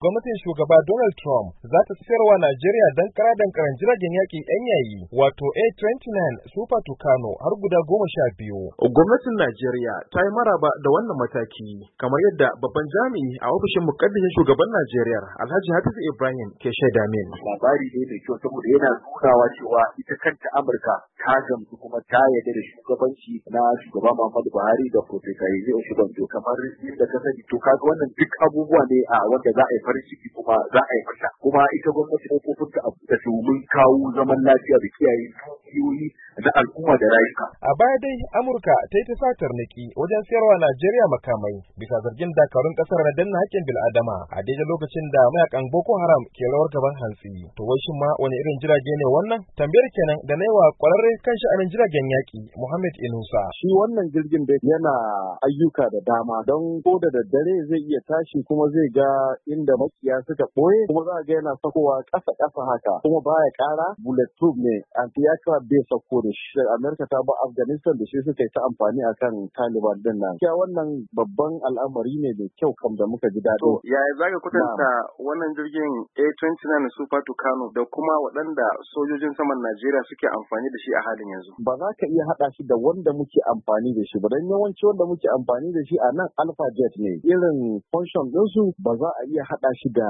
gwamnatin shugaba Donald Trump za ta sayar wa Najeriya dan kara dankaran jiragen yaƙi yan yayi wato A29 Super Tucano har guda goma sha biyu. Gwamnatin Najeriya ta yi maraba da wannan mataki kamar yadda babban jami'i a ofishin mukaddishin shugaban Najeriya Alhaji Hafizu Ibrahim ke shaida min. Labari ne mai kyau saboda yana nunawa cewa ita kanta Amurka ta gamsu kuma ta yarda da shugabanci na shugaba Muhammadu Buhari da Profesa Yemi Osinbajo kamar yadda ka sani to kaga wannan duk abubuwa ne a wanda za a yi farin ciki kuma za a yi fata kuma ita gwamnati ko ta abu da domin kawo zaman lafiya da kiyaye dukiyoyi na al'umma da rayuka. A baya dai Amurka ta yi ta satar niki wajen siyarwa Najeriya makamai bisa zargin dakarun kasar na danna haƙƙin bil'adama a daidai lokacin da mayakan Boko Haram ke rawar gaban hantsi. To wai shin ma wani irin jirage ne wannan? Tambayar kenan da na yi wa ƙwararre kan sha'anin jiragen yaƙi Muhammad Inusa. Shi wannan jirgin da yana ayyuka da dama don ko da daddare zai iya tashi kuma zai ga inda makiya suka ɓoye kuma za a ga yana sakowa ƙasa-ƙasa haka kuma baya ƙara bullet-tube ne anti-aircraft bai sako ne. da shi Amerika ta ba Afghanistan da shi suka yi ta amfani akan Taliban din nan. Kya wannan babban al'amari ne mai kyau kam da muka ji daɗi. To yaya zaka kwatanta wannan jirgin A29 Super Tucano da kuma waɗanda sojojin saman Najeriya suke amfani da shi a halin yanzu? Ba za ka iya haɗa shi da wanda muke amfani da shi ba Dan yawanci wanda muke amfani da shi a nan Alpha Jet ne. Irin function ɗinsu ba za a iya haɗa shi da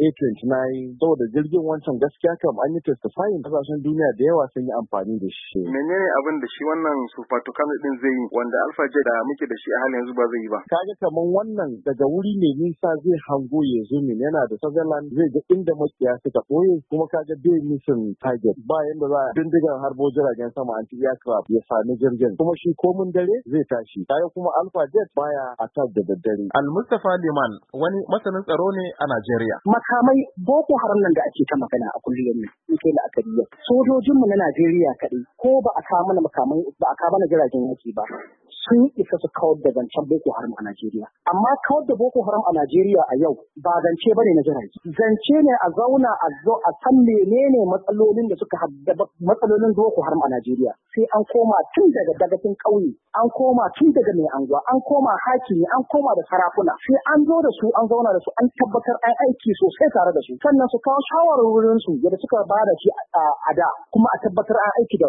A29 saboda jirgin wancan gaskiya kam an yi testifying kasashen duniya da yawa sun yi amfani da shi. Mene ne abin da shi wannan sulfadoxacin din zai yi wanda alfa da muke da shi a halin yanzu ba zai yi ba kaga kaman wannan daga wuri mai nisa zai hango ya zo min yana da sutherland zai ga inda makiya suka boye kuma kaga bai mission target ba yanda za a dindigar harbo jiragen sama anti aircraft ya sami jirgin kuma shi komun dare zai tashi kaga kuma alfa j baya attack da daddare al-mustafa liman wani masanin tsaro ne a najeriya makamai boko haram nan da ake ta magana a kullum nan in kai la'akari sojojinmu na najeriya kaɗai ko ko ba a kawo mana makamai ba a kawo mana jiragen yaki ba sun isa su kawar da zancen Boko Haram a Najeriya. Amma kawar da Boko Haram a Najeriya a yau ba zance bane na jirage. Zance ne a zauna a zo a san menene matsalolin da suka haddaba matsalolin Boko Haram a Najeriya. Sai an koma tun daga dagatin ƙauye, an koma tun daga mai anguwa, an koma hakimi, an koma da sarakuna. Sai an zo da su, an zauna da su, an tabbatar an aiki sosai tare da su. Sannan su kawo shawarwarin su yadda suka bada da shi a da, kuma a tabbatar an aiki da